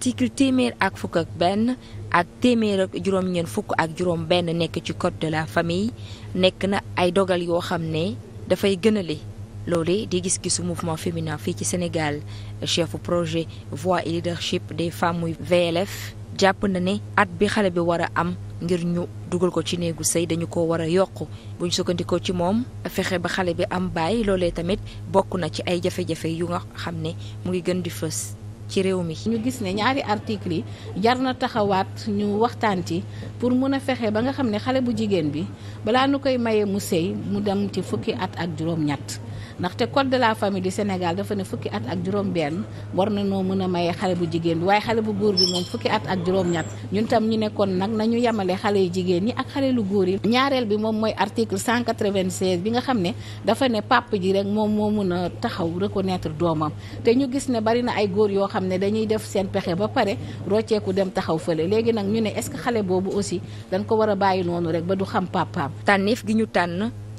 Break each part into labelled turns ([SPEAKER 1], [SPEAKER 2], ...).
[SPEAKER 1] article téeméer ak fukk ak benn ak téeméer ak juróom-ñeent fukk ak juróom benn nekk ci code de la famille nekk na ay dogal yoo xam ne dafay gënale loole di gis-gisu mouvement féminin fii ci Sénégal chefu projet voix et leadership des femmes muy VLF jàpp na ne at bi xale bi war a am ngir ñu dugal ko ci néegu sëy dañu ko war a yokk bu ñu sukkandikoo ci moom fexe ba xale bi am baay loole tamit
[SPEAKER 2] bokk na ci ay jafe-jafe yu nga xam ne mu ngi gën di fës ci réew mi. ñu gis ne ñaari article yi jar na taxawaat ñu waxtaan ci pour mun a fexe ba nga xam ne xale bu jigéen bi balaa nu koy maye mu sëy mu dem ci fukki at ak juróom-ñett. ndaxte code de la famille du Sénégal dafa ne fukki at ak juróom-benn war na noo mën a maye xale bu jigéen bi waaye xale bu góor bi moom fukki at ak juróom-ñett ñun tam ñu nekkoon nag nañu yemale xale yu jigéen ñi ak xale lu góor yi. ñaareel bi moom mooy article 196 bi nga xam ne dafa ne pàpp ji rek moom moo mën a taxaw reconnaître doomam te ñu gis ne bari na ay góor yoo xam ne dañuy def seen pexe ba pare rocceeku dem taxaw fële léegi nag ñu ne est-ce que xale boobu aussi dañ ko war a bàyyi noonu rek ba du xam papaam. tànneef gi ñu tànn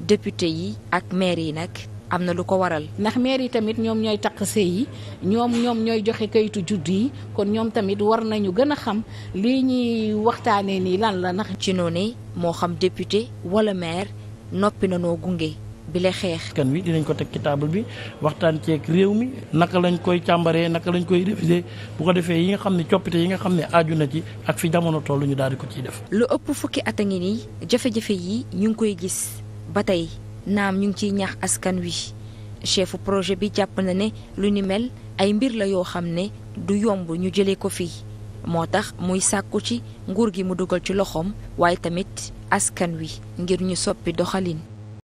[SPEAKER 2] député yi ak mair yi nag. am na lu ko waral. ndax maire yi tamit ñoom ñooy takk sëy yi ñoom ñoom ñooy joxe kayitu juddu yi kon ñoom tamit war nañu gën a xam lii ñuy waxtaanee nii lan la ndax. ci noonu moo xam député wala maire noppi na noo gunge.
[SPEAKER 3] bi la xeex. kan wi dinañ ko teg ci table bi waxtaan ceeg réew mi naka lañ koy càmbaree naka lañ koy réviser bu ko defee yi nga xam ne coppite yi nga xam ne aaju na ci ak fi jamono toll ñu daal di ko ciy def.
[SPEAKER 1] lu ëpp fukki at a ngi nii jafe-jafe yi ñu ngi koy gis ba tey naam ñu ngi ciy ñax askan wi chefu projet bi jàpp na ne lu ni mel ay mbir la yoo xam ne du yomb ñu jëlee ko fii. moo tax muy sàkku ci nguur gi mu dugal ci loxoom waaye tamit askan wi ngir ñu soppi doxalin